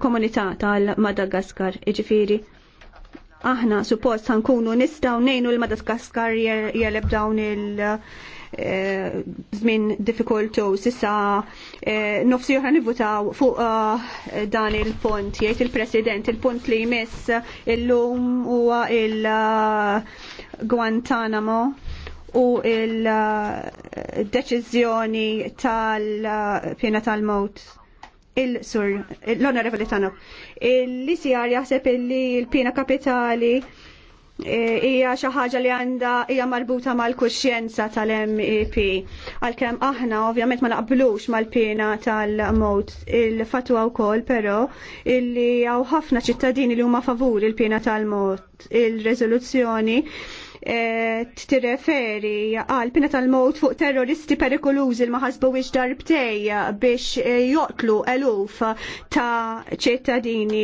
komunità tal-Madagaskar, iġifiri. Aħna suppost ħankunu nistaw nejnu l-Madagaskar jeleb dawn il- eh, żmien diffikultu sissa eh, nofsi oħra nivutaw fuq eh, dan il-punt jgħid il-President il-punt li jmiss illum huwa il-Guantanamo u il-deċiżjoni tal-pjena tal-mowt il-sur, l-onorevoli Tanok, l-ICR jaħseb li l-pina kapitali eh, hija xi ħaġa li għandha hija marbuta mal-kuxjenza tal-MEP. Għalkemm aħna ovvjament ma naqblux mal-pena tal-mod il-fatwa wkoll però illi hawn ħafna ċittadini li huma favur il-pena tal-mod il-reżoluzzjoni il pena tal mod il reżoluzzjoni il E, t-tireferi għal pina tal mod fuq terroristi perikolużi l-maħasbu wiex darbtej biex e, joqtlu eluf ta' ċittadini.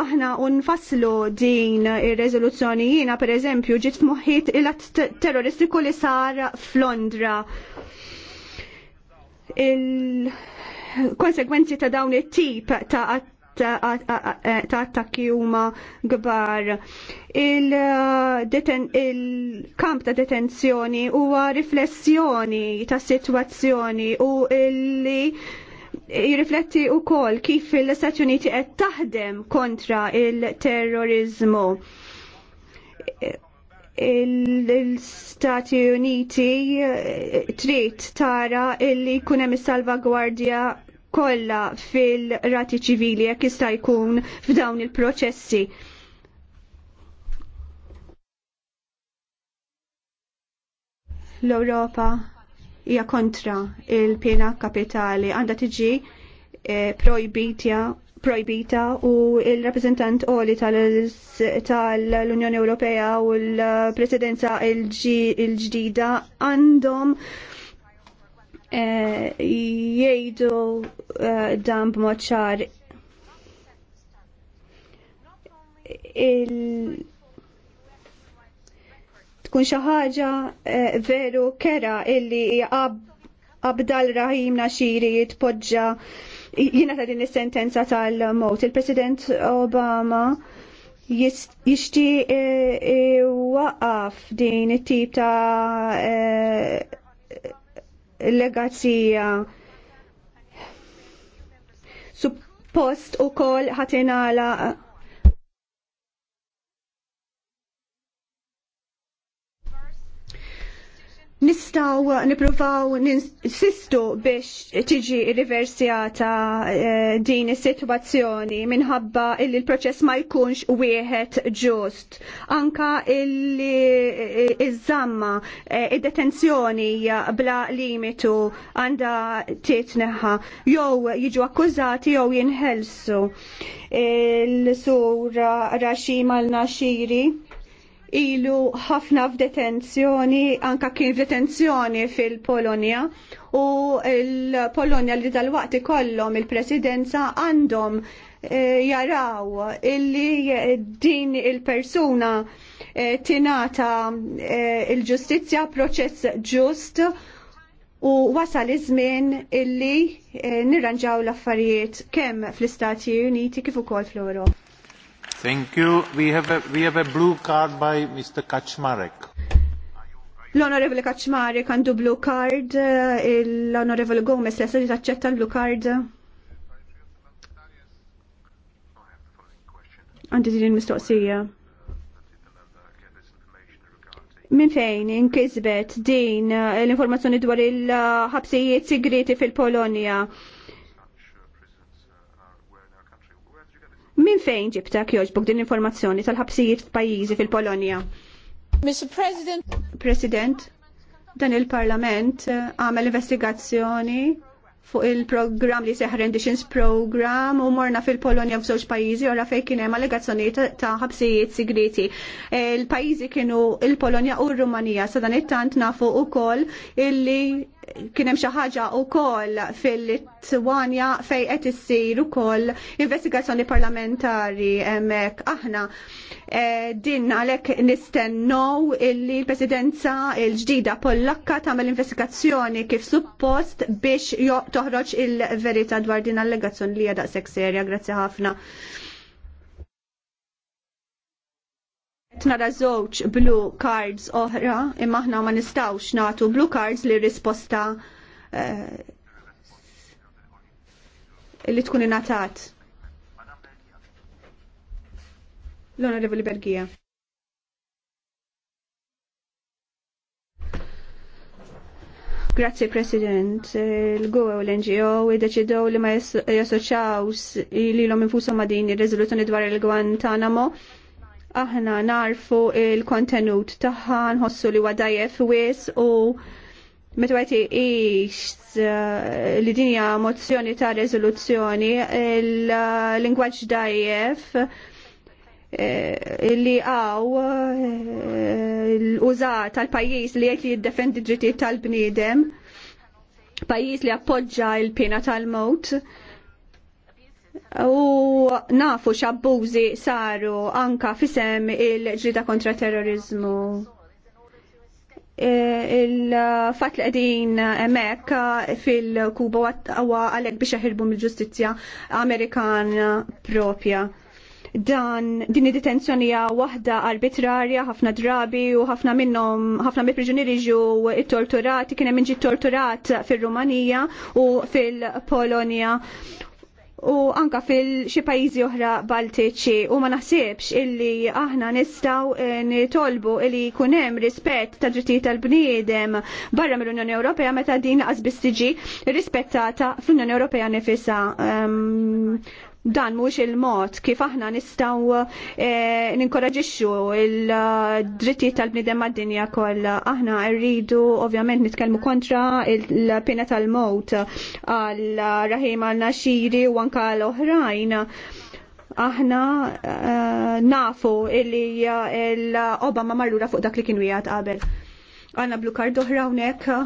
Aħna unfasslu din ir-rezoluzzjoni jiena per eżempju ġiet f'moħħit il-att terroristiku li sar f'Londra. Il-konsekwenzi ta' dawn it-tip ta' E, ta' attakki huma kbar. Il-kamp uh, ta' detenzjoni huwa riflessjoni ta' sitwazzjoni u illi jirrifletti wkoll kif il istati Uniti qed taħdem kontra il-terrorizmu l-Stati Uniti eh, trid tara illi jkun hemm is-salvagwardja Kolla fil-rati ċivili jekk jista' jkun f'dawn il-proċessi. L-Ewropa hija kontra il-pena kapitali għandha tiġi eh, projbitja projbita u il-rappresentant oli tal-Unjoni Ewropea u l-presidenza il-ġdida għandhom Eh, jgħidu eh, dan b'mod ċar il tkun xi ħaġa eh, veru kera illi abdal Rahim Naxiri jitpoġġa jiena ta' din is-sentenza tal-mot. Il-President Obama jixti waqaf din it-tip ta' il-legazija suppost u kol ħatinala nistaw nipruvaw ninsistu biex tiġi riversjata eh, din is-sitwazzjoni minħabba illi l-proċess ma jkunx wieħed ġust. Anka illi eh, iż-żamma eh, id-detenzjoni bla limitu għandha titneħħa jew jiġu akkużati jew jinħelsu. Il-sura Rashim mal-Naxiri ilu ħafna f'detenzjoni, anka kien f'detenzjoni fil-Polonja u l-Polonja li tal waqt ikollhom il-presidenza għandhom eh, jaraw illi eh, din il-persuna eh, tinata il-ġustizja proċess ġust u wasal iż-żmien illi nirranġaw l-affarijiet kemm fl-Istati Uniti kif ukoll fl-Ewropa. Thank you. We have a, we have a blue card by Mr. Kaczmarek. L-Onorevole Kaczmarek għandu blue card, eh, l-Onorevole Gomez li taċċetta l-blue card. Għandi din il-mistoqsija. Min fejn inkisbet din eh, l-informazzjoni dwar il-ħabsijiet segreti fil polonia fejn ġibtak joġbok din informazzjoni tal-ħabsijiet f'pajjiżi fil-Polonja? Mr. President. President, dan il-Parlament eh, għamel investigazzjoni fuq il-programm li seħ Renditions Program u morna fil-Polonja f'żewġ pajjiżi u rafej kien hemm allegazzjonijiet ta' ħabsijiet sigriti. Il-pajjiżi eh, kienu il-Polonja u r-Rumanija sa dan it-tant nafu wkoll illi kien hemm xi ħaġa wkoll fil-Litwanja fejn qed issir ukoll investigazzjoni parlamentari hemmhekk aħna eh, din għalhekk nistennew illi l-Presidenza l-ġdida Pollakka tagħmel investigazzjoni kif suppost biex toħroġ il-verità dwar din allegazzjoni li hija daqshekk serja. Grazzi ħafna. nara żewġ blue cards oħra imma aħna ma nistgħux nagħtu blue cards li risposta eh, li tkun ingħatat. L-Onorevoli Bergija. Grazie President, il-GOA u l-NGO id-deċidow li ma jassoċaw li l-om infusom ma din il-rezoluzjoni dwar il-Guantanamo aħna narfu il-kontenut tagħha nħossu li wadajef wis u meta għajti ix eh, li dinja mozzjoni ta' rezoluzzjoni il-lingwaġġ dajjef eh, li għaw l-użat eh, tal-pajis li qed li jiddefendi ġitiet tal-bnidem, pajis li appoġġa il-pena tal-mot, U nafu xabbużi saru anka fisem il-ġrida kontra terrorizmu e, il-fat li għedin emek fil-Kuba għawa għalek biex jaħirbu mill-ġustizja Amerikana propja. Dan din id-detenzjonija waħda arbitrarja ħafna drabi u ħafna minnhom ħafna mill-priġunieri ġew torturati kien hemm torturat fir-Rumanija u fil-Polonja u anka fil-xi pajjiżi oħra Baltiċi u ma naħsibx illi aħna nistgħu eh, nitolbu illi jkun hemm rispett ta' drittijiet tal-bniedem barra mill-Unjoni Ewropea meta din laqas biss tiġi rispettata fl-Unjoni Ewropea nifisha. Um, ehm, dan mhux il-mod kif aħna nistgħu eh, ninkoraġixxu l-drittijiet tal-bniedem mad-dinja kollha. Aħna rridu ovvjament nitkellmu kontra il-pena tal mod għal Raħim al-Naxiri u anke għal oħrajn Aħna eh, nafu illi eh, l-oba ma marlura fuq dak li kien wieħed qabel. Għanna blu kard oħra hawnhekk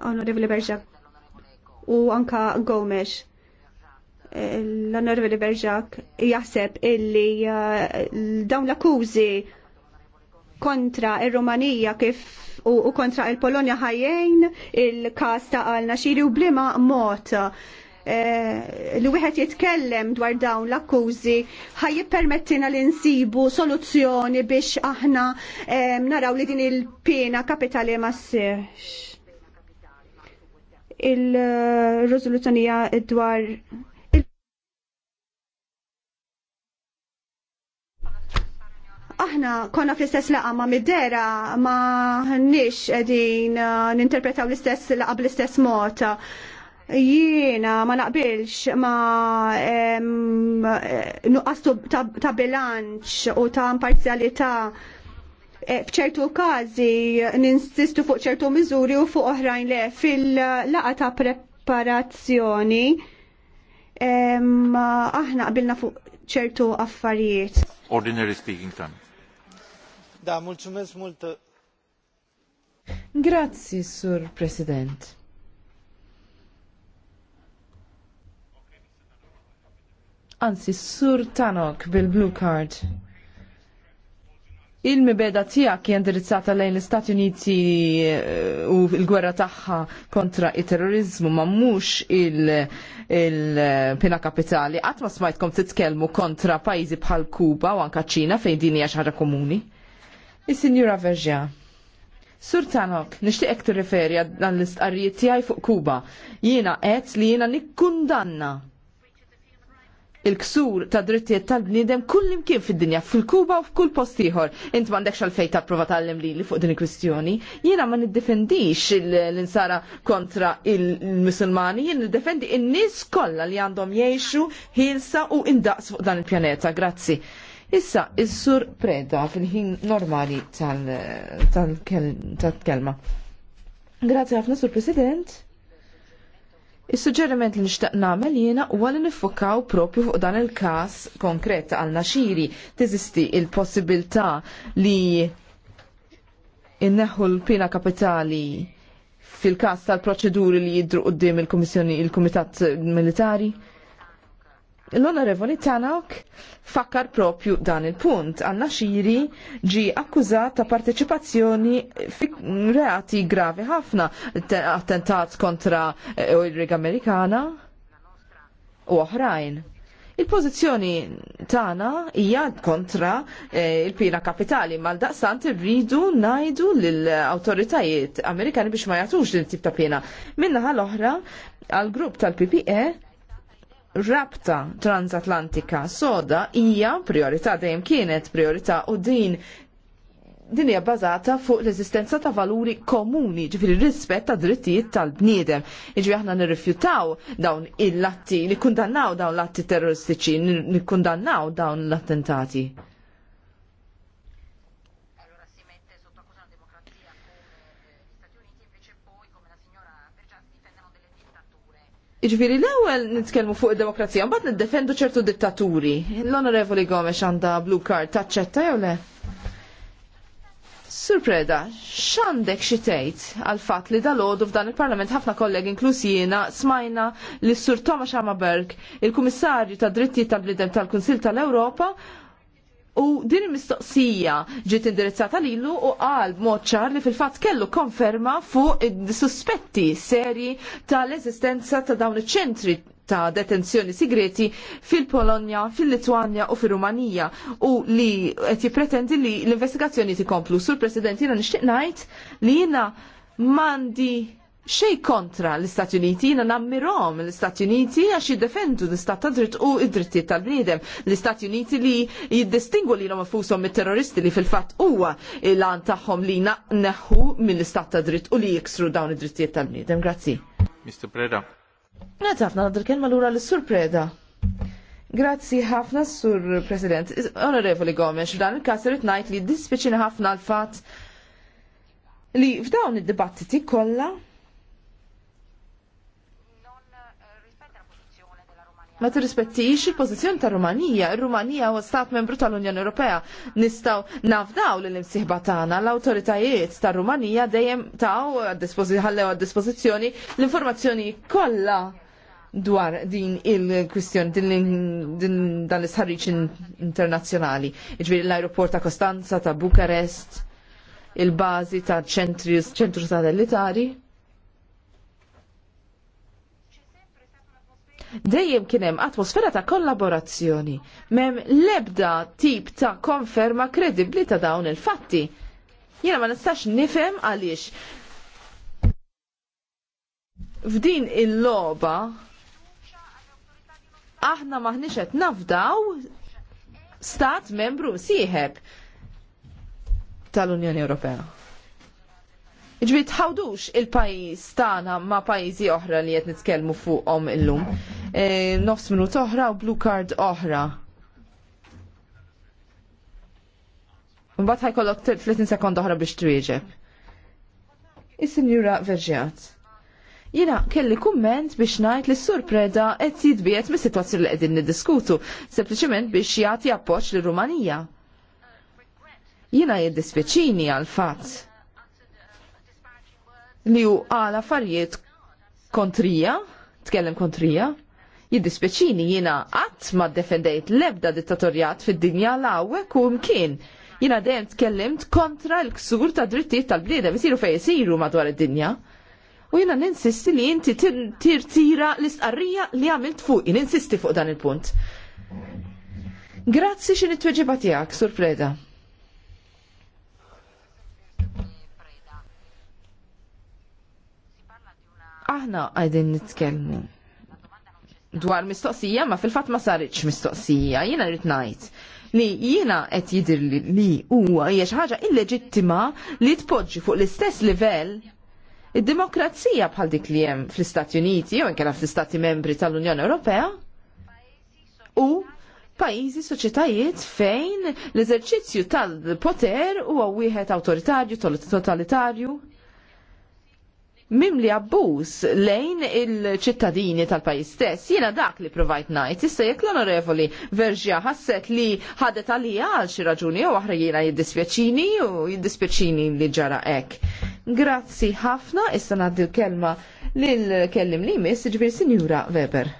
Onorevoli Berġa u anka Gomes eh, l-onorevoli Berġa jaħseb illi eh, dawn l-akkużi kontra il-Romanija kif u kontra il-Polonja ħajjejn il-kas ta' għalna xiri u blima mot. Eh, li wieħed jitkellem dwar dawn l-akkużi ħaj jippermettina li nsibu soluzzjoni biex aħna naraw li din il-pena kapitali ma il-rezoluzzjonija dwar aħna konna fl-istess laqa ma middera ma nix edin uh, ninterpretaw l-istess laqa bl-istess mod. Jiena ma naqbilx ma nuqqastu ta' bilanċ u ta' imparzjalità Eh, bċertu każi ninsistu fuq ċertu miżuri u fuq oħrajn le fil-laqa ta' preparazzjoni aħna qabilna fuq ċertu affarijiet. Ordinary speaking time. Da, mulċumess mult. Grazzi, Sur President. Anzi, Sur Tanok bil-Blue Card il-mibeda kien indirizzata lejn l-Istati Uniti eh, u l-gwerra tagħha kontra il-terrorizmu ma mhux il-pina kapitali. Qatt ma smajtkom titkellmu kontra pajjiżi bħal Kuba u anka ċina fejn din hija ħaġa komuni. Is-Sinjura Verġa. Sur Tanok, nixtieqek tirreferi għal l-istqarrijiet tiegħi fuq Kuba. Jiena għedt li jiena nikkundanna il-ksur ta' drittijiet tal-bniedem kull imkien fid-dinja, fil-Kuba u f'kull post ieħor. Int m'għandekx għalfej ta' prova tgħallem li fuq din il-kwistjoni. Jiena ma niddefendix l-insara kontra il-Musulmani, jien niddefendi in-nies kollha li għandhom jgħixu ħilsa u indaqs fuq dan il-pjaneta. Grazzi. Issa, is-sur preda fil-ħin normali tal-kelma. Tal Grazzi ħafna, sur President. Is-suġġeriment li nixtaq nagħmel jiena huwa li niffukaw propju fuq dan il-każ konkret għal naxiri teżisti il-possibilità li inneħħu l-pina kapitali fil-każ tal-proċeduri li jidru qudiem il-Kummissjoni il-Kumitat Militari. L-Onorevoli Tanawk fakkar propju dan il-punt. Anna xiri ġi akkużat ta' parteċipazzjoni fi reati gravi ħafna, attentat kontra eh, il-Rig Amerikana u oħrajn. Il-pozizjoni tagħna hija kontra eh, il-pina kapitali mal-daqsant irridu ngħidu lill awtoritajiet Amerikani biex ma jagħtux din tip ta' pina. Minnaħa l-oħra għall grupp tal-PPE rabta transatlantika soda hija priorità dejjem kienet priorità u din din hija bbażata fuq l-eżistenza ta' valuri komuni, ġifieri rispett ta' drittijiet tal-bniedem. Jiġri aħna nirrifjutaw dawn il-latti, nikkundannaw dawn l-atti terroristiċi, nikkundannaw dawn l-attentati. Iġviri l-ewel nitkellmu fuq id-demokrazija, mbagħad niddefendu ċertu dittaturi. L-Onorevoli Gomes għandha blue card taċċetta jew le? Surpreda, x'għandek xi tgħid għal fatt li dalodu f'dan il-Parlament ħafna kollegi inklusi jiena smajna li sur Thomas Hammerberg, il-Kummissarju tad-Drittijiet tal-Bnidem tal-Kunsil tal-Ewropa, U din il-mistoqsija ġiet indirizzata lilu u qal b'mod ċar li fil-fatt kellu konferma fuq suspetti seri tal-eżistenza ta' dawn iċ-ċentri ta' detenzjoni sigreti fil-Polonja, fil-Litwanja u fil-Rumanija u li qed jippretendi li l-investigazzjoni tikomplu. Sur President jiena nixtieq ngħid li jiena mandi xej kontra l-Istati Uniti, jina nammirom l-Istati Uniti għax jiddefendu l-Istat ta' dritt u id-drittiet tal-bniedem. L-Istati Uniti li jiddistingu li l għom fusom mit-terroristi li fil-fat huwa l-għan taħħom li neħu mill-Istat ta' dritt u li jiksru dawn id-drittijiet tal-bniedem. Grazzi. Mr. Preda. Għazafna għadr kelma l għura l-Sur Preda. Grazzi ħafna, Sur President. Onorevoli Gomes, f'dan il-kas irrit ngħid li dispiċini ħafna l-fatt li f'dawn id-dibattiti kollha ma tirrispettix il-pożizzjoni ta' Rumanija. Ir-Rumanija huwa stat membru tal-Unjoni Ewropea. Nistgħu nafdaw lil imsieħba tagħna l-awtoritajiet ta' Rumanija dejjem taw ħallew għad-dispożizzjoni l-informazzjoni kollha dwar din il-kwistjoni din dan l-isħarriċ internazzjonali. Iġbiri l-aeroport ta' Kostanza, ta' Bukarest, il-bazi ta' ċentru satellitari. dejjem kien hemm atmosfera ta' kollaborazzjoni. Mem lebda tip ta' konferma kredibbli ta' dawn il-fatti. Jiena ma nistax nifhem għaliex f'din il-loba aħna maħniex qed nafdaw stat membru sieħeb tal-Unjoni Ewropea. Ġbit, ħawdux il-pajis tagħna ma pajizi oħra li qed nitkellmu fuqhom illum. E, nofs minut oħra u blue card oħra. Mbagħad ħajkollok 30 sekond oħra biex twieġeb. Is-Sinjura Verġjat. Jina kelli kumment biex najt li s-surpreda qed jitbiet mis-sitwazzjoni li qegħdin niddiskutu, sempliċiment biex jagħti appoġġ li rumanija Jina jiddispjaċini għal fatt li hu għala affarijiet kontrija, tkellem kontrija, Jiddispeċini jina għat ma defendejt lebda dittatorjat fid-dinja lawek u mkien. Jina dejjem tkellimt kontra l-ksur ta' drittijiet tal-bliedem isiru fej jisiru madwar id-dinja. U jina ninsisti li inti tirtira l-istqarrija li għamilt fuq, ninsisti fuq dan il-punt. Grazzi xin it-tweġiba tiegħek, Sur Freda. aħna għajdin nitkellmu dwar mistoqsija ma fil-fat ma saritx mistoqsija, jiena rrit ngħid li jiena qed jidir li huwa hija xi ħaġa illeġittima li tpoġġi fuq l-istess livell id-demokrazija bħal dik li hemm fl-Istati Uniti jew inkella fl-Istati Membri tal-Unjoni Ewropea u pajjiżi soċjetajiet fejn l-eżerċizzju tal-poter huwa wieħed awtoritarju, totalitarju mimli abbuż lejn il-ċittadini tal-pajis stess. Jiena dak li provajt ngħid, issa jekk l-onorevoli Verġja ħasset li ħadet għalija għal xi raġuni jew aħra jiena jiddispjaċini u jiddispjaċini li ġara hekk. Grazzi ħafna, issa ngħaddi l-kelma lil kellim li miss ġbir Sinjura Weber.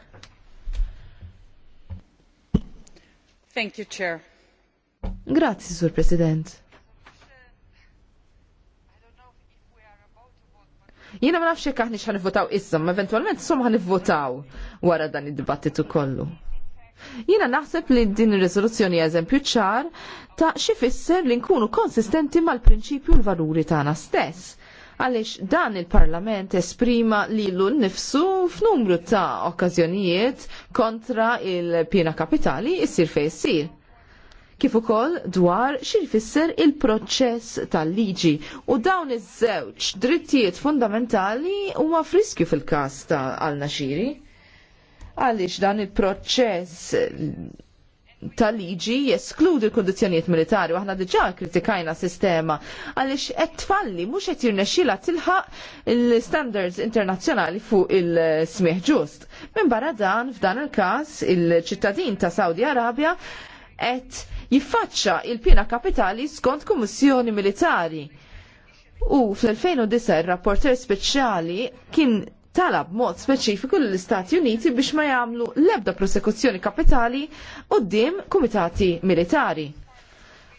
Thank you, Chair. Grazzi, Sur President. Jiena ma nafx kaħni aħniex votaw issa, ma eventwalment sum votaw wara dan id-dibattitu kollu. Jiena naħseb li din ir-riżoluzzjoni eżempju ċar ta' xi fisser li nkunu konsistenti mal-prinċipju u l-valuri tagħna stess għalix dan il-parlament esprima li l-nifsu f'numru ta' okkazjonijiet kontra il pina kapitali issir fej issir kif ukoll dwar xirfisser il-proċess tal-liġi. U dawn iż-żewġ drittijiet fundamentali huma friskju fil-każ ta' naxiri Għaliex dan il-proċess tal-liġi jeskludi l kondizjonijiet militari u aħna diġà kritikajna sistema għaliex qed tfalli mhux qed jirnexxila tilħaq l-standards internazzjonali fuq il-smieħ ġust. Minn barra dan f'dan il-każ il-ċittadin ta' Saudi Arabja qed jiffaċċa il-pjena kapitali skont kummissjoni militari. U fl-2009 il-rapporter speċjali kien talab mod speċifiku l-Istati Uniti biex ma jagħmlu l-ebda prosekuzzjoni kapitali u d kumitati militari.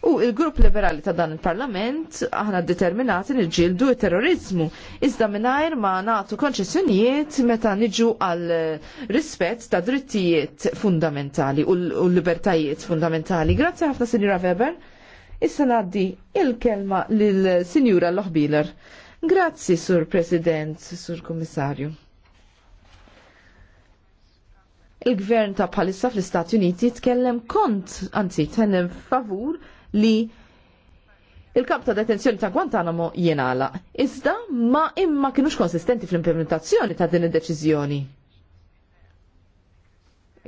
U il-grupp liberali ta' dan il-parlament aħna determinati nġildu il-terrorizmu. Iżda minnajr ma natu konċessjonijiet meta niġu għal rispett ta' drittijiet fundamentali u l-libertajiet fundamentali. Grazzi ħafna, Sinjura Weber. Issa naddi il-kelma lil-Sinjura Loħbiler. Grazzi, Sur President, Sur Kommissarju il-gvern ta' bħalissa fl-Istati Uniti tkellem kont, anzi, tkellem favur li il-kamp ta' detenzjoni ta' Guantanamo jenala. Iżda ma imma kienux konsistenti fl-implementazzjoni ta' din id-deċiżjoni.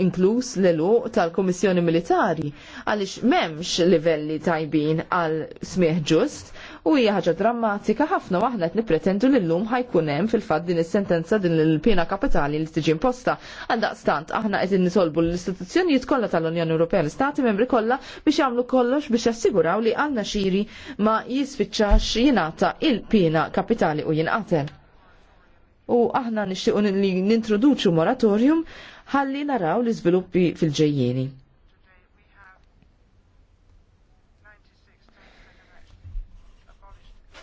Inkluż l-eluq tal-Komissjoni Militari, għaliex memx livelli tajbin għal smieħ ġust, u hija ħaġa drammatika ħafna waħna qed nippretendu li llum ħajkun hemm fil-fatt din is-sentenza din il-pena kapitali li tiġi imposta. Għaldaqstant aħna qegħdin nisolbu l-istituzzjonijiet kollha tal-Unjoni Ewropea l-Istati membri kollha biex jagħmlu kollox biex jassiguraw li għandna xiri ma jisfiċċax jingħata il-pena kapitali u jinqatel. U aħna nixtiequ li nintroduċu moratorium ħalli naraw l-iżviluppi fil-ġejjieni.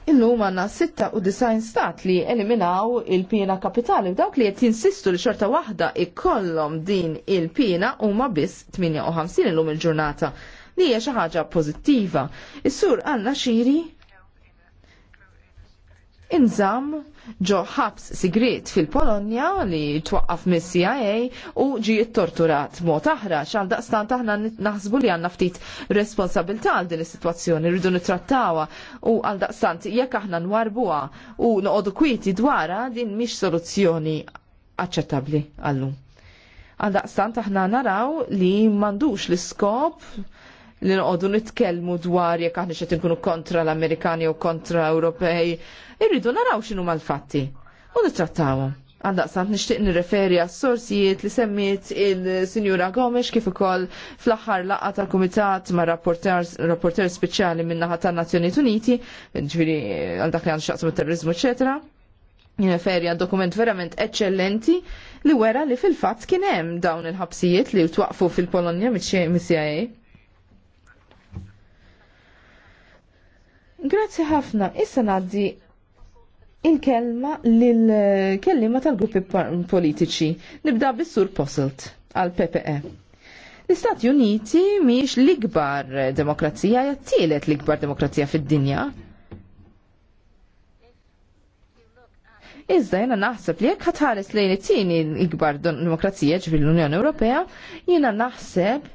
Illum għanna 96 stat li eliminaw il-pina kapitali u dawk li qed jinsistu li xorta waħda ikollom din il-pina huma biss 58 illum il-ġurnata li hija xi ħaġa pożittiva. Is-sur għanna xiri inżamm ġo ħabs sigrit fil-Polonja li twaqqaf mis CIA u ġi torturat mod aħra xal daqstan taħna naħsbu li għanna ftit responsabilta għal din is-sitwazzjoni rridu nittrattawa u għal daqstan jekk aħna nwarbuha u noqogħdu kwieti dwarha din mhix soluzzjoni aċċettabbli għallum. Għal daqstan aħna naraw li m'għandux l-iskop li nqogħdu nitkellmu dwar jekk aħna xed inkunu kontra l-Amerikani u kontra Ewropej, irridu naraw x'inhu mal-fatti u nittrattawhom. sant nixtieq nirreferi għas sorsijiet li semmiet il-Sinjura Gomes kif ukoll fl-aħħar laqgħa tal-Kumitat ma' rapporter speċjali min-naħa tan-Nazzjonijiet Uniti, ġifieri għal dak li għandu xaqsmu terrorizmu, eċetera. Nirreferi għal dokument verament eċċellenti li wera li fil-fatt kien hemm dawn il-ħabsijiet li twaqfu fil-Polonja mit-CIA Grazzi ħafna. Issa naddi il-kelma lil-kellima eh, tal-gruppi politiċi. Nibda bis-sur Posselt għal PPE. L-Istati Uniti miex l-ikbar demokrazija, jattilet l-ikbar demokrazija fid-dinja. Iżda jena naħseb li jekk ħatħares lejn it-tieni l-ikbar demokrazija ġifir l-Unjoni Ewropea, jena naħseb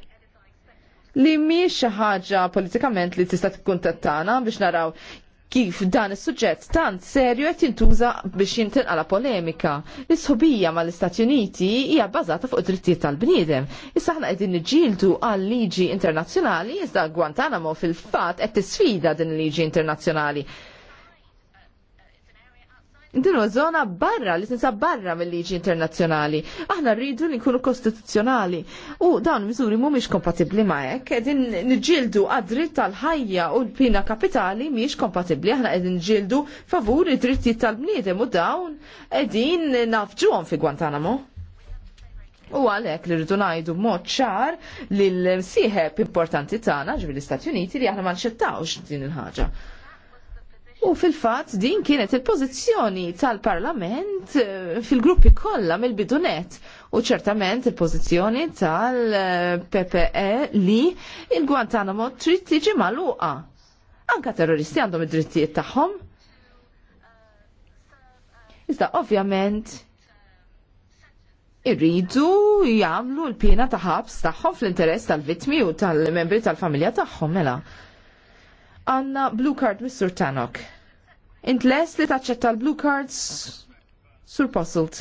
li mhix xi ħaġa politikament li tista' tkun tattana biex naraw kif dan is-suġġett tant serju qed jintuża biex jintinqala polemika. L-isħubija mal-Istati Uniti hija bbażata fuq drittijiet tal-bniedem. Issa aħna qegħdin niġġieldu għal liġi internazzjonali iżda Guantanamo fil-fatt qed tisfida din il-liġi internazzjonali din zona barra li tinsa barra mill-liġi internazzjonali. Aħna rridu li nkunu kostituzzjonali. U dawn miżuri mhumiex kompatibbli ma' hekk, qegħdin niġġieldu għad-dritt tal-ħajja u l-pina kapitali mhijiex kompatibbli. Aħna qegħdin nġildu favur id-drittijiet tal-bniedem u dawn qegħdin għom fi Guantanamo. U għalek li rridu najdu mod ċar li l-sieħeb importanti tagħna ġivi l-Istati Uniti li aħna ma din il-ħaġa. U fil-fatt din kienet il-pożizzjoni tal-Parlament eh, fil-gruppi kollha mill-bidunet u ċertament il-pożizzjoni tal-PPE li il-Guantanamo trid tiġi magħluqa. Anka terroristi għandhom id-drittijiet tagħhom. Iżda ovvjament irridu jagħmlu l pjena ta' ħabs tagħhom fl-interess tal-vittmi u tal-membri tal-familja tagħhom mela. Għanna blue card mis-sur Tanok. Int les li taċċetta l-blue cards sur Posselt.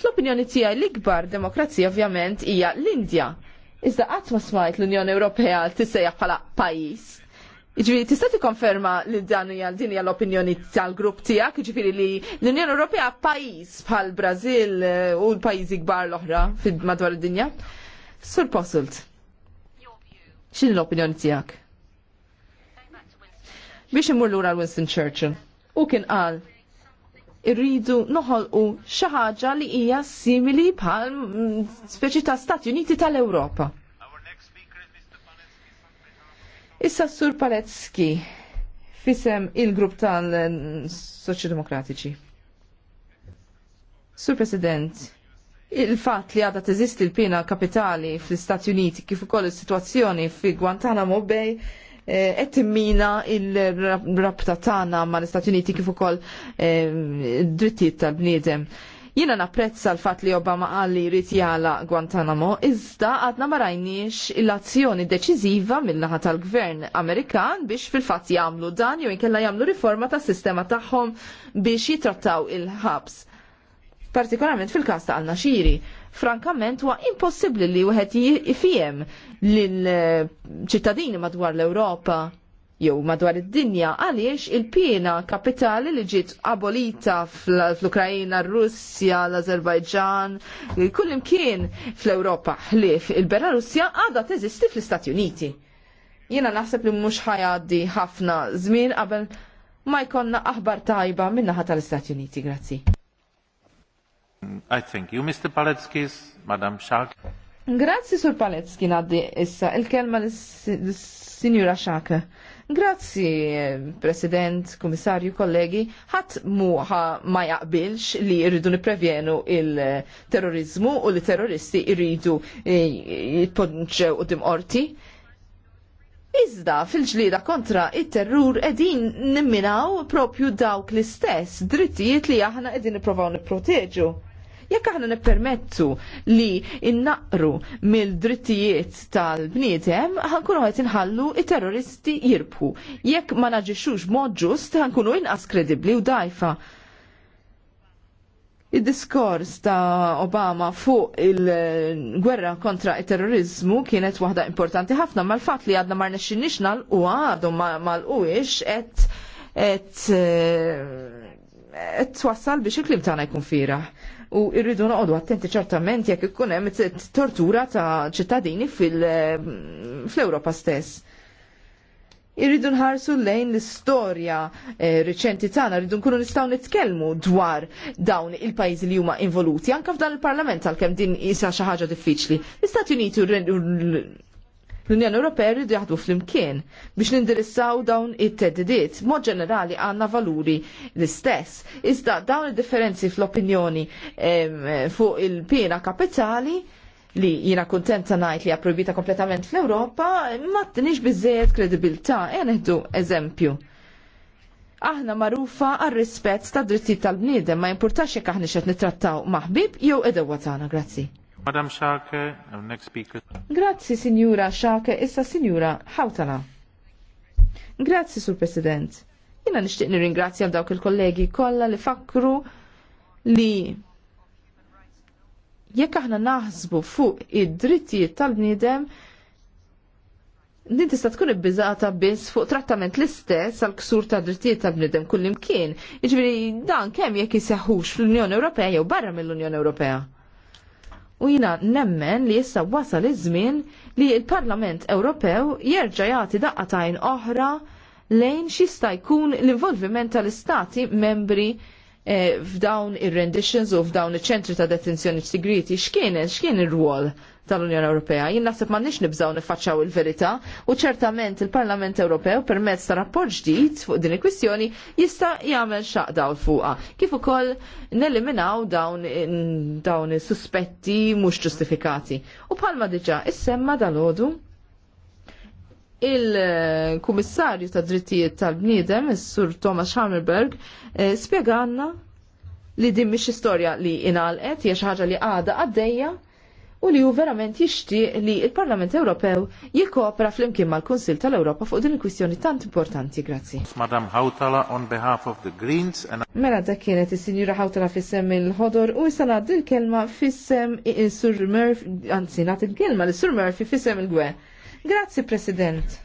Fl-opinjoni tiegħi l-ikbar demokrazija ovvjament hija l-Indja. Iżda qatt ma smajt l-Unjoni Ewropea tissejjaħ bħala pajjiż. Ġviri, tista' tikkonferma li dan hija din hija l-opinjoni tal-grupp tiegħek, jiġifieri li l-Unjoni Ewropea pajjiż bħal Brażil eh, u l-pajjiżi kbar l-oħra madwar id-dinja? Sur Posselt. X'in l-opinjoni tiegħek? biex imur lura Winston Churchill. U kien qal irridu noħolqu xi ħaġa li hija simili bħal mm, speċi ta' Stati Uniti tal-Ewropa. Issa Sur Paletski, fisem il-grupp tal soċidemokratiċi Sur President, il-fat li għadha teżisti l-pina kapitali fl-Istati Uniti kif ukoll is-sitwazzjoni fi Guantanamo Bay qed eh, il-rabta tagħna mal-Istati Uniti kif ukoll eh, drittijiet tal-bniedem. Jiena napprezza l-fatt li Obama qal li jrid jala Guantanamo, iżda għadna ma rajniex l-azzjoni deċiżiva mill-naħa tal-Gvern Amerikan biex fil-fatt jagħmlu dan jew inkella jagħmlu riforma tas-sistema tagħhom biex jitrattaw il-ħabs partikolarment fil-kas ta' al-Naxiri frankament huwa impossibbli li wieħed jifiem lil ċittadini madwar l-Ewropa jew madwar id-dinja għaliex il-pjena kapitali li ġiet abolita fl-Ukrajina, Russja, l-Azerbajġan, kull imkien fl-Ewropa ħlief il Russja għadha teżisti fl-Istati Uniti. Jiena naħseb li mhux ħajaddi ħafna żmien qabel ma jkollna aħbar tajba min-naħa tal-Istati Uniti. Grazzi. I thank you, Mr. Paletskis, Madam Shark. Grazzi sur Paletski naddi issa il-kelma l-Sinjura Xak. Grazzi, President, Komissarju, kollegi, ħadd muħa ma jaqbilx li jridu niprevjenu il-terrorizmu u li terroristi jridu eh, jitponċew u dimqorti. Iżda fil-ġlida kontra it-terrur edin nimminaw propju dawk l-istess drittijiet li aħna edin niprofaw niproteġu. Jekk aħna nippermettu li innaqru mill-drittijiet tal-bniedem, ħankunu qed inħallu i terroristi jirbħu. Jekk ma naġixux mod ġust, ħankunu inqas kredibbli u dajfa il-diskors ta' Obama fuq il-gwerra kontra il-terrorizmu kienet waħda importanti ħafna mal-fat li għadna marna xinnix nal-u għadu mal-uix et et eh, et wassal biex il-klim tana jkun firaħ u irridu noqogħdu attenti ċertament jekk ikun hemm tortura ta' ċittadini fil-Ewropa mm, stess. Irridu nħarsu lejn l-istorja eh, riċenti tagħna, rridu nkunu nistgħu nitkellmu dwar dawn il-pajjiżi li huma involuti, anke f'dan il-Parlament għalkemm din isa xi ħaġa diffiċli. L-Istati Uniti L-Unjoni Ewropea rridu jaħdu flimkien biex nindirissaw dawn it-teddidiet. Mod ġenerali għandna valuri l-istess. Iżda dawn id-differenzi fl-opinjoni fuq il-pina kapitali li jina kontenta najt li approbita kompletament fl-Europa, ma t-tinix bizzejet kredibilta, jeneħdu eżempju. Aħna marufa għal rispett ta' dritti tal-bniedem, ma importax jekk aħna qed nitrattaw maħbib jew edewa tagħna, grazzi. Madam Shake, next speaker. Grazzi, Signora Shake, issa Signora Hautala. Grazzi, Sur President. Jina nishtiq nirringrazzja dawk il-kollegi kollha li fakru li jekk aħna naħsbu fuq id-drittijiet tal-bniedem din tista' tkun ibbiżata biss fuq trattament l-istess għal ksur ta' drittijiet ta' bniedem kull imkien. Jiġifieri dan kemm jekk iseħħux fl-Unjoni Ewropea jew barra mill-Unjoni Ewropea u jina nemmen li issa wasal iż-żmien li il-Parlament Ewropew jerġa' jagħti daqqatajn oħra lejn xista jkun l-involviment tal-istati membri eh, f'dawn ir-renditions u f'dawn iċ-ċentri ta' detenzjoni segreti x'kienet x'kien ir-rwol tal-Unjoni Ewropea. Jien naħseb ma nix nibżaw nifaċċaw il-verità u ċertament il-Parlament Ewropew permezz ta' rapport ġdid fuq din il-kwistjoni jista' jagħmel xaqda u fuqa. Kif ukoll neliminaw dawn dawn is-suspetti mhux ġustifikati. U bħalma diġà issemma dal-għodu il-Kummissarju ta' Drittijiet tal-Bniedem, is-Sur Thomas Hammerberg, eh, spjegana li din mhix istorja li inqalqet hija xi ħaġa li għadha għaddejja u li hu verament jixtieq li il-Parlament Ewropew jikkopra flimkien mal-Kunsil tal-Ewropa fuq din il-kwistjoni tant importanti, grazzi. Madam Hautala on behalf of the Greens and... Mela dak kienet is-Sinjura Hautala fissem il-ħodor u jisana dil kelma fissem il sur Murphy, anzi nat il kelma il sur Murphy fissem il-Gwe. Grazzi, President.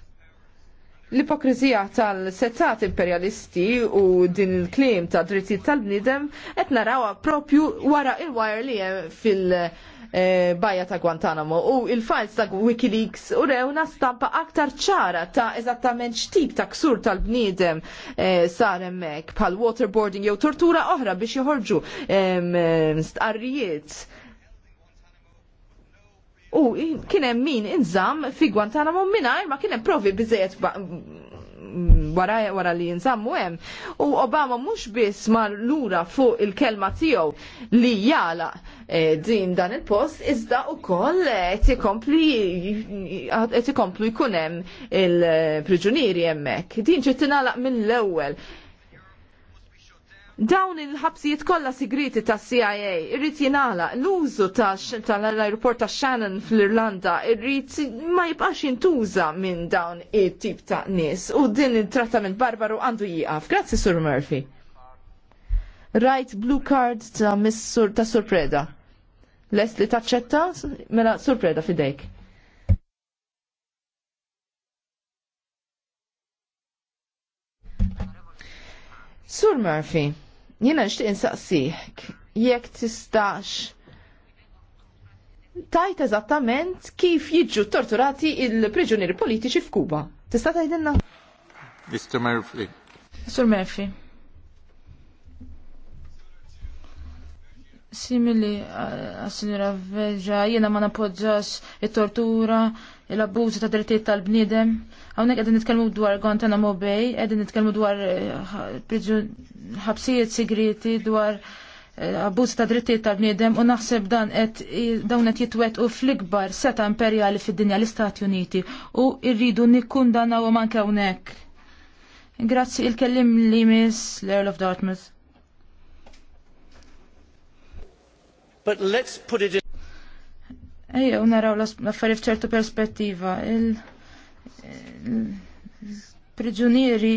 L-ipokrizija tal setat imperialisti u din il-klim ta' drittijiet tal-bnidem qed narawha propju wara il-wire li fil-bajja ta' Guantanamo u il-files ta' Wikileaks u rewna stampa aktar ċara ta' eżattament x'tip ta' ksur tal-bniedem eh, sar hemmhekk bħal waterboarding jew tortura oħra biex joħorġu stqarrijiet U kienem min inżam fi Guantanamo mingħajr ma kienem provi bizzejet wara li jinżammu hemm. U Obama mhux biss mar lura fuq il-kelma tiegħu li jala eh, din dan il-post iżda wkoll qed ikomplu jkun hemm il-priġunieri hemmhekk. Din ġiet tingħalaq mill-ewwel Dawn il-ħabsijiet kollha sigriti ta' CIA irrid jingħala l-użu tal-aeroport ta' Shannon fl-Irlanda irrid ma jibqax jintuża minn dawn it-tip ta' nies u din il-trattament barbaru għandu jieqaf. Grazzi Sur Murphy. Right blue card ta' sur ta' Surpreda. Lest li taċċetta? Mela Surpreda fidejk. Sur Murphy. Jiena nixtieq insaqsih jekk tistax tajt eżattament kif jiġu torturati il-priġunieri politiċi f'Kuba. Tista' tgħidilna? Mr. Murphy. Mr. Murphy. Simili għas-sinjora Veġa, jiena ma napoġġax it-tortura, l-abbużi ta' drittijiet tal-bniedem. Hawnhekk qegħdin nitkellmu dwar Guantanamo Bay, qegħdin nitkellmu dwar eh, ħabsijiet sigriti, dwar eh, abbużi ta' drittijiet tal-bniedem u naħseb dan qed dawn qed jitwettqu fl-ikbar seta' imperjali fid-dinja l-Istati Uniti u rridu nikkundanaw anke hawnhekk. Grazzi il-kellim li miss l-Earl of Dartmouth. But let's put it in Ejja, naraw l-affarijiet f'ċertu perspettiva. Il-priġunieri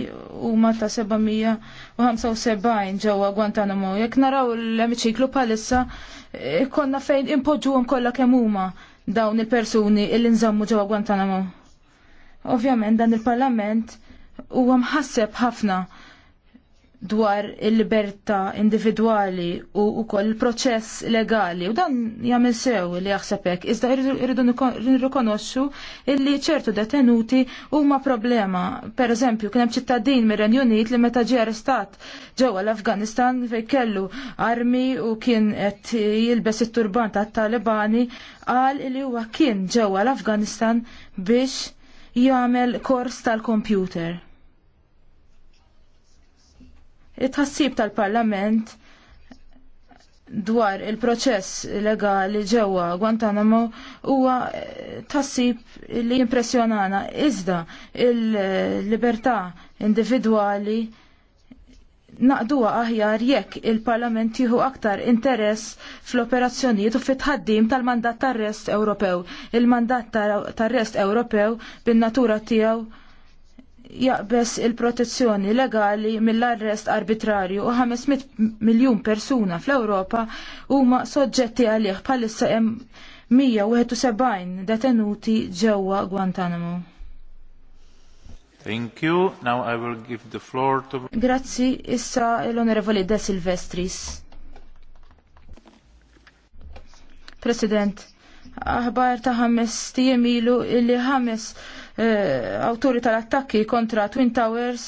huma ta' 775 ġewwa Guantanamo. Jekk naraw l-emiċiklu bħalissa eh, konna fejn impoġġuhom kollha kemm huma dawn il-persuni il nżammu ġewwa Guantanamo. Ovvjament dan il-Parlament huwa mħasseb ħafna dwar il-libertà individwali u wkoll il-proċess legali u dan jagħmel sew li jaħseb hekk iżda irridu nirrikonoxxu illi ċertu detenuti huma problema. Pereżempju kien hemm ċittadin mir-Renju Unit li meta ġie arrestat ġewwa l-Afganistan fejn kellu armi u kien qed jilbes it-turban tat-Talibani qal li huwa kien ġewwa l-Afganistan biex jagħmel kors tal-kompjuter it tħassib tal-Parlament dwar il-proċess legali ġewwa Guantanamo huwa eh, tassib li impressjonana iżda il-libertà individwali naqduha aħjar jekk il-Parlament jieħu aktar interess fl-operazzjonijiet u fit-ħaddim tal-mandat tar-rest Ewropew. Il-mandat tar-rest Ewropew bin-natura tiegħu jaqbes il-protezzjoni legali mill-arrest arbitrarju u 500 miljun persuna fl-Ewropa huma soġġetti għalih bħalissa hemm 171 detenuti ġewwa Guantanamo. Thank you. Now I will give the floor to Grazzi, issa l-Onorevoli De Silvestris. President, aħbar ta' ħames tiemilu illi ħames Eh, awturi tal-attakki kontra Twin Towers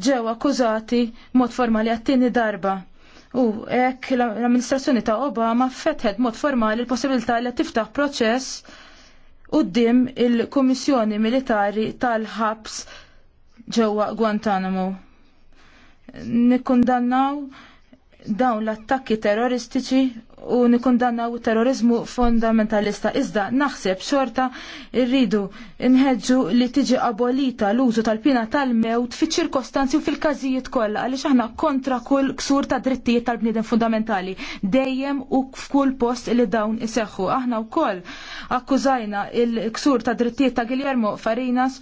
ġew akkużati mod formali għattini darba. U ek l-amministrazzjoni ta' Obama fetħed mod formali l-possibilità li tiftaħ proċess qudiem il-Kummissjoni Militari tal-Ħabs ġewwa Guantanamo. Nikkundannaw dawn l-attakki terroristiċi u nikundannaw terrorizmu fundamentalista. Iżda naħseb xorta rridu nħedġu li tiġi abolita l-użu tal-pina tal-mewt fi ċirkostanzi u fil-każijiet kollha għaliex aħna kontra kull ksur ta' drittijiet tal-bniedem fundamentali dejjem u f'kull post li dawn iseħħu. Aħna wkoll akkużajna il-ksur ta' drittijiet ta' Guillermo Farinas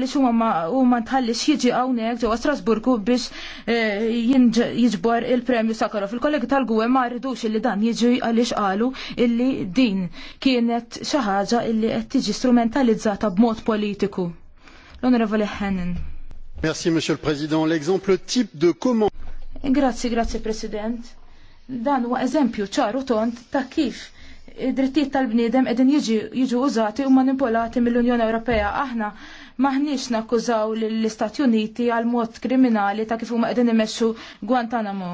li huma huma tħallix jiġi hawnhekk ġewwa Strasburgu biex eh, jiġbor il-Premju Sakarov. Il-kollegi tal-Gwe ma rridux li dan dan jiġu għaliex qalu illi din kienet xi ħaġa illi qed tiġi strumentalizzata b'mod politiku. L-Onorevoli Hennen. Merci, Monsieur le Président. L'exemple type de comment... Grazie, grazie, President. Dan huwa eżempju ċaru tont ta' kif id-drittijiet tal-bniedem edin jiġu użati u manipolati mill-Unjoni Ewropea. Aħna maħniex nakkużaw l-Istati Uniti għal mod kriminali ta' kif huma qegħdin imexxu Guantanamo.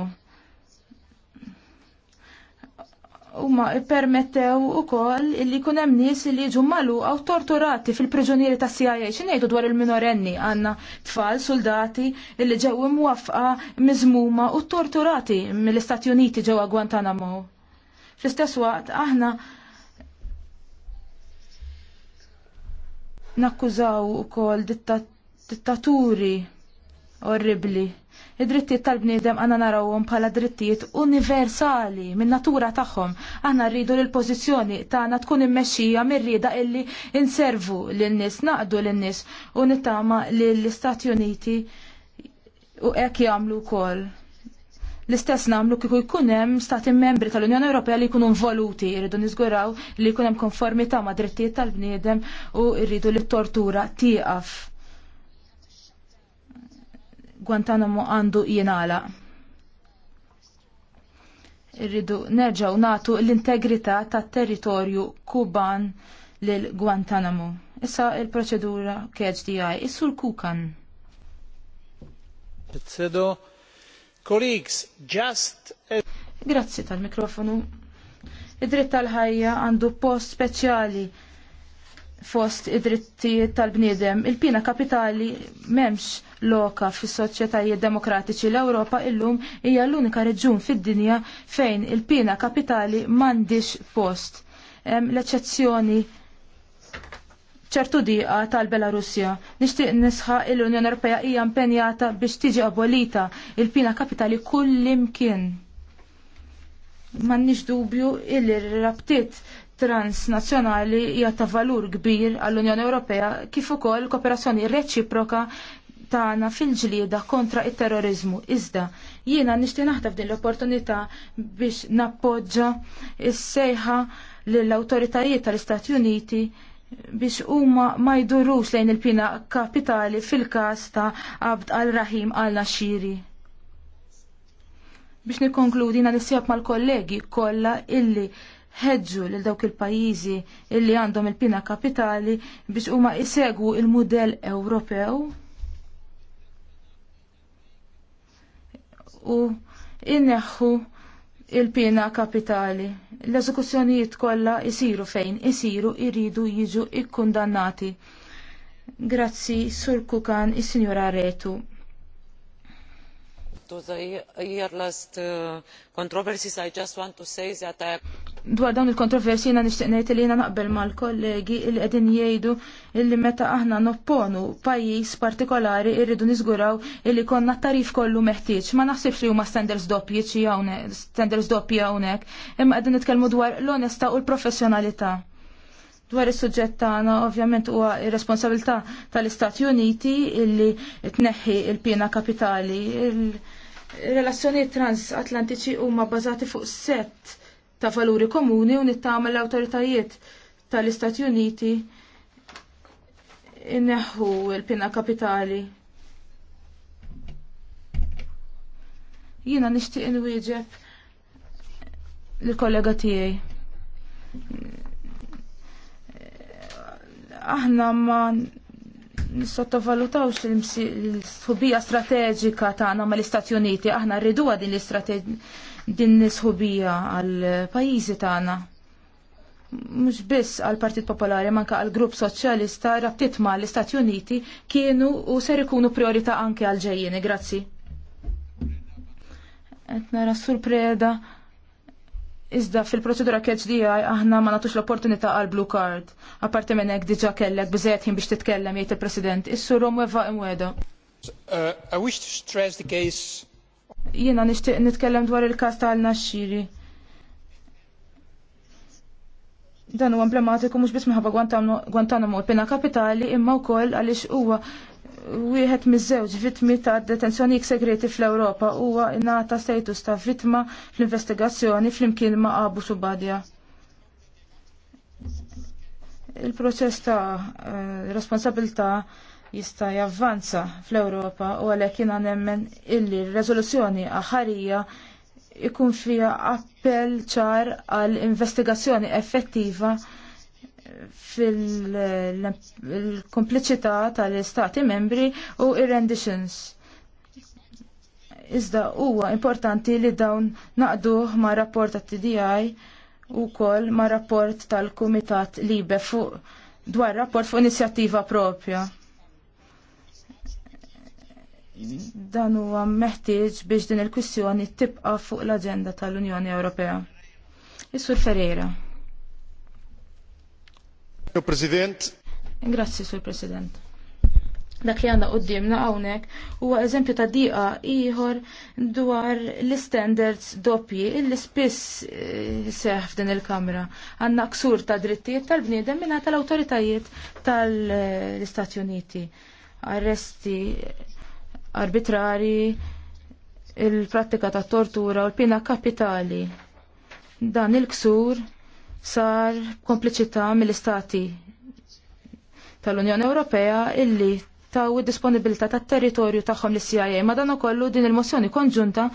huma permettew ukoll illi jkun hemm nies li jiġu u torturati fil-priġunieri ta' CIA xi ngħidu dwar il-minorenni għandna tfal soldati illi ġew imwafqa miżmuma u torturati mill-Istati Uniti ġewwa Guantanamo. Fl-istess waqt aħna nakkużaw ukoll dittaturi orribli. Id-drittijiet tal-bniedem għanna narawhom bħala drittijiet universali minn natura tagħhom. Aħna rridu l pożizzjoni tagħna tkun immexxija mir-rieda illi inservu lin-nies, naqdu lin-nies u nittama li l-Istati Uniti u hekk jagħmlu wkoll. L-istess nagħmlu kieku jkun hemm stati membri tal-Unjoni Ewropea li jkunu involuti, irridu niżguraw li jkun hemm konformità ma' drittijiet tal-bniedem u rridu li t-tortura tieqaf Guantanamo għandu jenala. Irridu nerġaw natu l-integrità tat territorju kuban lil Guantanamo. Issa il-proċedura KHDI, is Kukan. colleagues, just... Grazzi tal-mikrofonu. Id-dritt tal-ħajja għandu post speċjali fost id dritti tal-bniedem. Il-pina kapitali memx loka fis soċjetajiet demokratiċi l-Ewropa illum hija l-unika reġun fid-dinja fejn il-pina kapitali m'għandix post. L-eċezzjoni ċertu diqa tal-Belarusja. Nixtieq nisħa l-Unjoni Ewropea hija impenjata biex tiġi abolita il-pina kapitali kullimkien. M'għandniex dubju illi rabtiet transnazzjonali hija ta' valur kbir għall-Unjoni Ewropea kif ukoll kooperazzjoni reċiproka tagħna fil-ġlieda kontra it-terrorizmu. Iżda jiena nixtieq naħtaf din l-opportunità biex nappoġġa is-sejħa lill-awtoritajiet tal-Istati Uniti biex huma ma jdurux lejn il-pina kapitali fil-każ ta' Abd al-Rahim al-Nashiri. Biex nikkonkludi na nisjab mal-kollegi kollha illi ħeġġu lil dawk il-pajjiżi illi għandhom il-pina kapitali biex huma jsegwu il-mudell Ewropew. U inneħħu il-pina kapitali. L-eżekuzzjonijiet kollha isiru fejn isiru jridu jiġu ikkundannati. Grazzi Sur Kukan is-Sinjura Retu to the year last uh, controversies, I just want to say that I... Uh, dwar dawn il-kontroversi jena nishtiq ngħid li jiena naqbel mal-kollegi li qegħdin jgħidu illi meta aħna nopponu pajjiż partikolari irridu niżguraw illi konna tarif kollu meħtieġ. Ma naħsibx li huma standards doppji xi hawnhekk, standards doppji hawnhekk, imma qegħdin nitkellmu dwar l-onesta u l-professjonalità. Dwar is-suġġett tagħna ovvjament huwa r-responsabilità tal-Istati Uniti illi tneħħi il-pina kapitali. Il-relazzjonijiet transatlantiċi huma bbażati fuq sett ta' valuri komuni u nittama l-autoritajiet tal-Istati Uniti inneħu l-pina kapitali. Jina nishtiq inwieġeb l-kollega tiegħi. Aħna ma nissottovalutawx l-fobija strateġika tagħna mal istati Uniti, aħna rridu din l-istrateġija din nisħubija għal pajjiżi tagħna. Mhux biss għal Partit Popolari manka għal Grupp Soċjalista rabtiet ma l-Istati Uniti kienu u ser ikunu priorità anke għal ġejjieni. Grazzi. Qed nara sur preda Iżda fil-proċedura catch DI aħna ma natux l-opportunità għal blue card. Apparti minn hekk diġà kellek biżejjed ħin biex titkellem jgħid il-President. Is-sur Romweva Imweda. Uh, I wish to stress the case Jiena nixtieq nitkellem dwar il-każ tal-Naxxiri. Dan huwa emblematiku mhux biss minħabba Guantanamo pena kapitali imma wkoll għaliex huwa wieħed miż-żewġ vittmi ta' detenzjoni segreti fl-Ewropa huwa ngħata status ta' vittma fl-investigazzjoni flimkien ma' qabu Subadja. Il-proċess ta' eh, responsabilità jista javvanza fl-Ewropa u għalhekk jiena nemmen illi r-reżoluzzjoni aħarija ikun fiha appell ċar għal investigazzjoni effettiva fil-kompliċità tal-istati membri u ir-renditions. Iżda huwa importanti li dawn naqduh ma' rapport tat-TDI u kol ma' rapport tal-Kumitat Libe fuq dwar rapport fuq inizjattiva propja dan huwa meħtieġ biex din il-kwissjoni tibqa' fuq l-aġenda tal-Unjoni Ewropea. Is-Sur Ferreira. Sur President. Grazzi, Sur President. Dak li għandna qoddimna hawnhekk huwa eżempju ta' diqa ieħor dwar l-standards doppji illi spiss eh, seħ f'din il-Kamra. Għandna ksur ta' drittijiet tal-bniedem mingħajr tal-awtoritajiet tal-Istati eh, Uniti. Arresti arbitrari, il-prattika ta' tortura u l-pina kapitali. Dan il-ksur sar kompliċità mill-istati tal-Unjoni Ewropea illi taw id-disponibilità tat territorju tagħhom lis-CIA. Ma dan ukollu din il-mozzjoni konġunta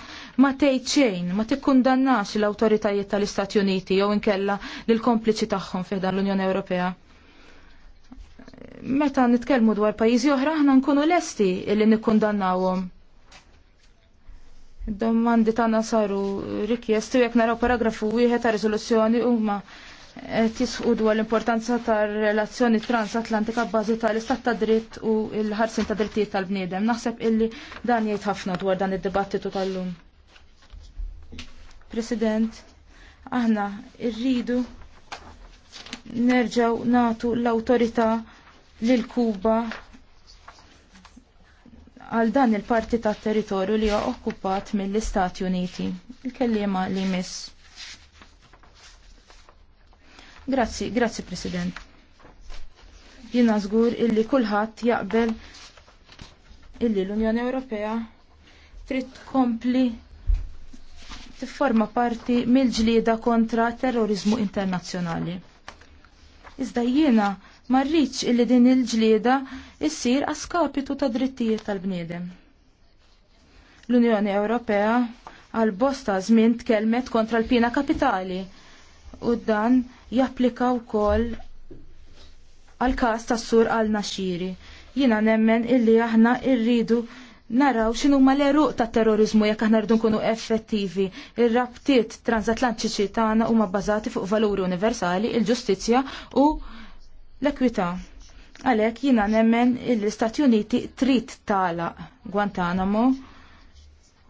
ma tgħid xejn, ma tikkundannax l-awtoritajiet tal-Istati Uniti jew inkella lill kompliċi tagħhom fih dan l-Unjoni Ewropea meta nitkellmu dwar pajjiżi oħra aħna nkunu lesti li nikkundannawhom. Domandi tagħna saru rikjesti jekk naraw paragrafu wieħed ta' riżoluzzjoni huma qed tisqu dwar l-importanza tar relazzjoni transatlantika bbażi tal-istat ta' dritt u l-ħarsin ta' drittijiet tal-bniedem. Naħseb illi dan jgħid ħafna dwar dan id-dibattitu tal-lum. President, aħna rridu nerġaw natu l awtorità lil Kuba għal dan il-parti tat territorju li huwa okkupat mill-Istati Uniti. Il-kellima li miss. Grazzi, grazzi President. Jina żgur illi kulħadd jaqbel illi l-Unjoni Ewropea trid tkompli tifforma parti mill-ġlieda kontra terrorizmu internazzjonali. Iżda jiena Ma rridx illi din il-ġlieda issir għaskapitu ta' drittijiet tal-bniedem. L-Unjoni Ewropea għal bosta żmien tkellmet kontra l-pina kapitali u dan japplika wkoll għal każ tas-sur għal naxiri. Jiena nemmen illi aħna rridu naraw x'inhu ma l-eruq ta' terrorizmu jekk aħna rridu nkunu effettivi. Ir-rabtiet transatlantiċi tagħna huma bbażati fuq valuri universali, il-ġustizzja u l ekwita Għalhekk jiena nemmen l-Istati Uniti trid tagħlaq Guantanamo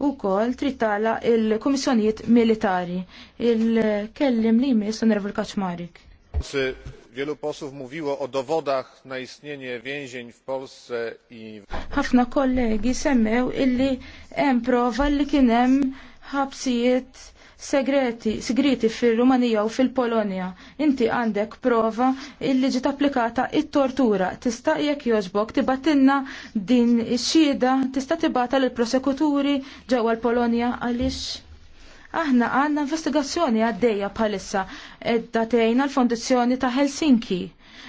u kol trid tagħlaq il-Kummissjonijiet Militari. Il-kellim li jmiss Onorevol Kaczmarik. Wielu posłów mówiło o dowodach na istnienie więzień w Polsce i... Ħafna kollegi semmew illi hemm prova li kien hemm ħabsijiet segreti, segreti fil-Rumanija u fil-Polonja. Inti għandek prova illi ġiet applikata t tortura Tista' jekk jogħġbok tibatinna din ix-xhieda tista' tibata lill prosekuturi ġewwa l-Polonja għaliex aħna għandna investigazzjoni għaddejja bħalissa edda tgħinna l-fondizzjoni ta' Helsinki.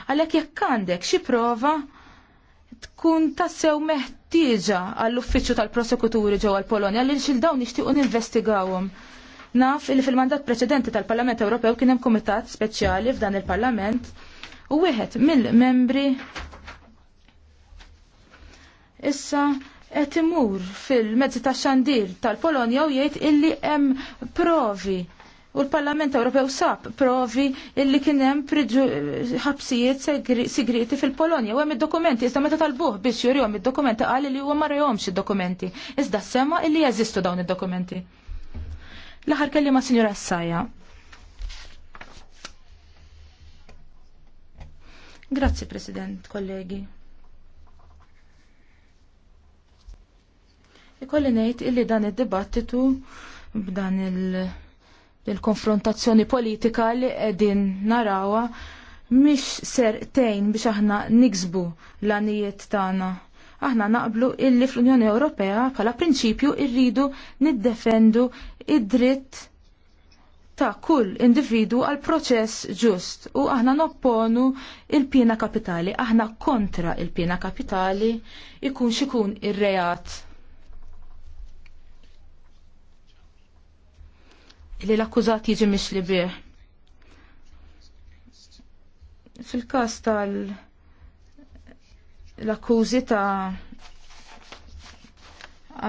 Għalhekk jekk għandek xi prova tkun tassew meħtieġa għall-uffiċċju tal-prosekuturi ġewwa l-Polonja li xil dawn nixtiequ ninvestigawhom. Naf li fil-mandat preċedenti tal-Parlament Ewropew kien hemm kumitat speċjali f'dan il-Parlament u wieħed mill-membri issa qed imur fil-mezzi tax-xandir tal-Polonja u jgħid illi hemm provi u l-Parlament Ewropew sab provi illi kien hemm ħabsijiet sigriti fil-Polonja u hemm id-dokumenti iżda meta talbuh biex jurihom id-dokumenti qal li huwa ma rejhomx id-dokumenti. Iżda sema illi jeżistu dawn id-dokumenti. L-aħar kelli ma' Sinjora Assaja. Grazzi, President, kollegi. Ikolli ngħid illi dan id-dibattitu b'dan il-konfrontazzjoni politika li qegħdin narawha mhix ser tejn biex aħna niksbu l-anijiet tagħna. Aħna naqblu illi fl-Unjoni Ewropea bħala prinċipju rridu niddefendu id-dritt ta' kull individu għal proċess ġust u aħna nopponu il-pina kapitali, aħna kontra il-pina kapitali ikun xikun il reat Il Li l-akkużat jiġi mixli bih. Fil-kas tal l-akkużi ta'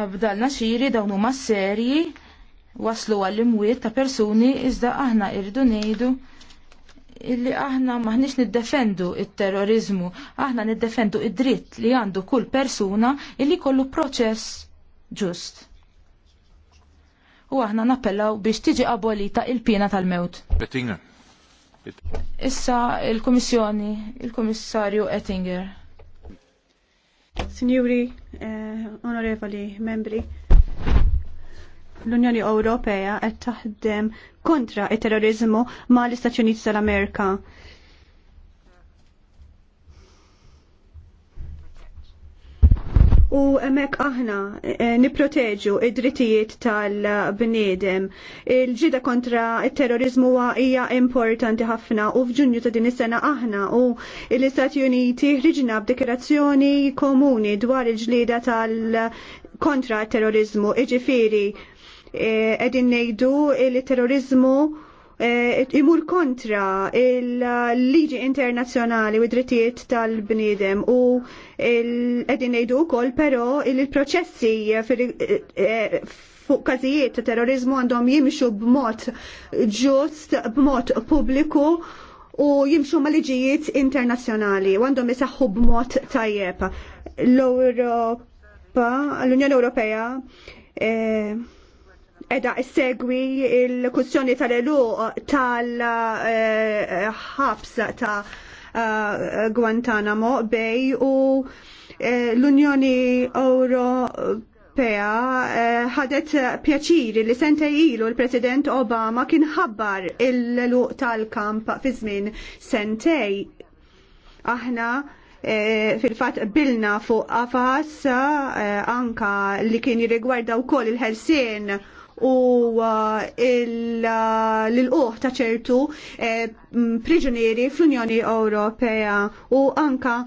Abdal Naxiri dawn huma serji waslu għall-imwiet ta' persuni iżda aħna irridu ngħidu illi aħna maħniex niddefendu il-terrorizmu, aħna niddefendu id-dritt li għandu kull persuna illi kollu proċess ġust. U aħna nappellaw biex tiġi abolita il-pina tal-mewt. Ettinger. Issa il-Komissjoni, il-Komissarju Ettinger. Signori, eh, onorevoli membri, l-Unjoni Ewropea qed taħdem kontra it-terrorizmu ma l-Istati Uniti tal-Amerika. U emek aħna eh, niproteġu id-drittijiet tal-bniedem. Il-ġida kontra il-terrorizmu hija importanti ħafna u f'Ġunju ta' din is-sena aħna u l-Istati Uniti ħriġna b'dikerazzjoni komuni dwar il-ġlida tal- kontra terrorizmu, iġifiri qegħdin eh, ngħidu li terrorizmu eh, imur kontra il-liġi internazzjonali u drittijiet tal-bniedem u qegħdin ngħidu wkoll però il-proċessi eh, fuq każijiet ta' terrorizmu għandhom jimxu b'mod ġust, b'mod pubbliku u jimxu ma' liġijiet internazzjonali u għandhom jisaxħu b'mod tajjeb. L-Europa, l-Unjoni Ewropea, edha segwi il-kussjoni tal-elu tal-ħabs ta' eh, Guantanamo Bay u eh, l-Unjoni Ewropea eh, ħadet pjaċiri li sente ilu l-President Obama kien ħabbar il lu tal-kamp fi żmien sentej. Aħna fil-fat bilna fuq afas e, anka li kien jirrigwarda wkoll il-ħelsien u uh, l-uħ ta' ċertu eh, priġunieri fl-Unjoni Ewropea u anka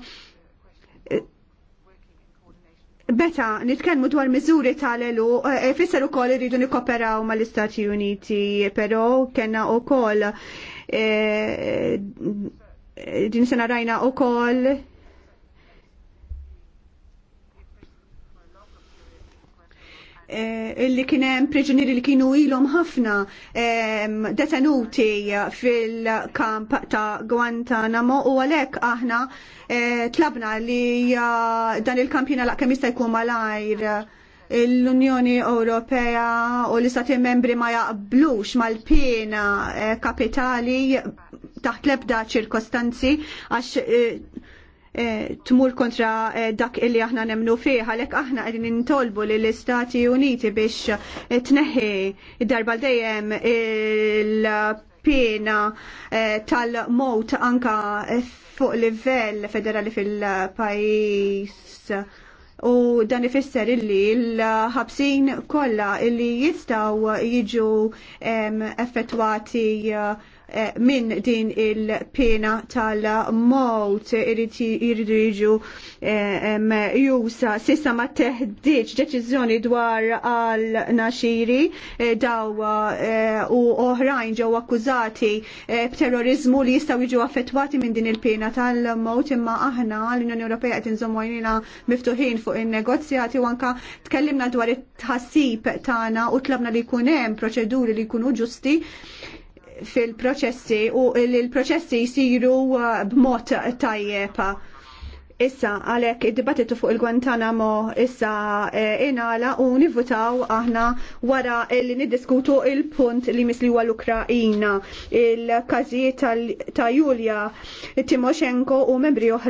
Beta, eh, nitkellmu dwar miżuri tal-elu, u eh, ukoll iridu nikoperaw mal-Istati Uniti, però kena ukoll din sena rajna koll, Eh, illi kien hemm priġunieri li kienu ilom ħafna detenuti fil-kamp ta' Guantanamo u għalhekk aħna eh, tlabna li eh, dan il-kamp jingħalaq kemm jista' jkun malajr l-Unjoni Ewropea u l-istati membri ma jaqblux mal-pena kapitali taħt l-ebda ċirkostanzi għax Eh, tmur kontra eh, dak illi aħna nemnu fih, għalhekk aħna qegħdin nintolbu lill istati Uniti biex eh, tneħħi darba dejjem il-pena tal-mot anka fuq livell federali fil-pajis. U dan ifisser illi l-ħabsin kollha illi jistgħu jiġu effettwati Eh, minn din il-pena tal-mot irridu jiġu eh, jusa sissa ma teħdiċ deċiżjoni dwar għal naxiri eh, daw u oħrajn ġew akkużati b'terrorizmu li jistgħu jiġu affettwati minn din il-pena tal-mot imma aħna l-Unjoni Ewropea qed inżommu għajnina miftuħin fuq in-negozjati u anka tkellimna dwar it-tħassib tagħna u tlabna li jkun hemm proċeduri li jkunu ġusti fil-proċessi u l-proċessi jisiru uh, b'mod tajjeb. Issa, għalek id-dibattitu fuq il-Guantanamo issa eh, inala u nivutaw aħna wara li niddiskutu il-punt li misli għal l-Ukrajina, il-kazijiet ta' Julia Timoshenko u membri oħra.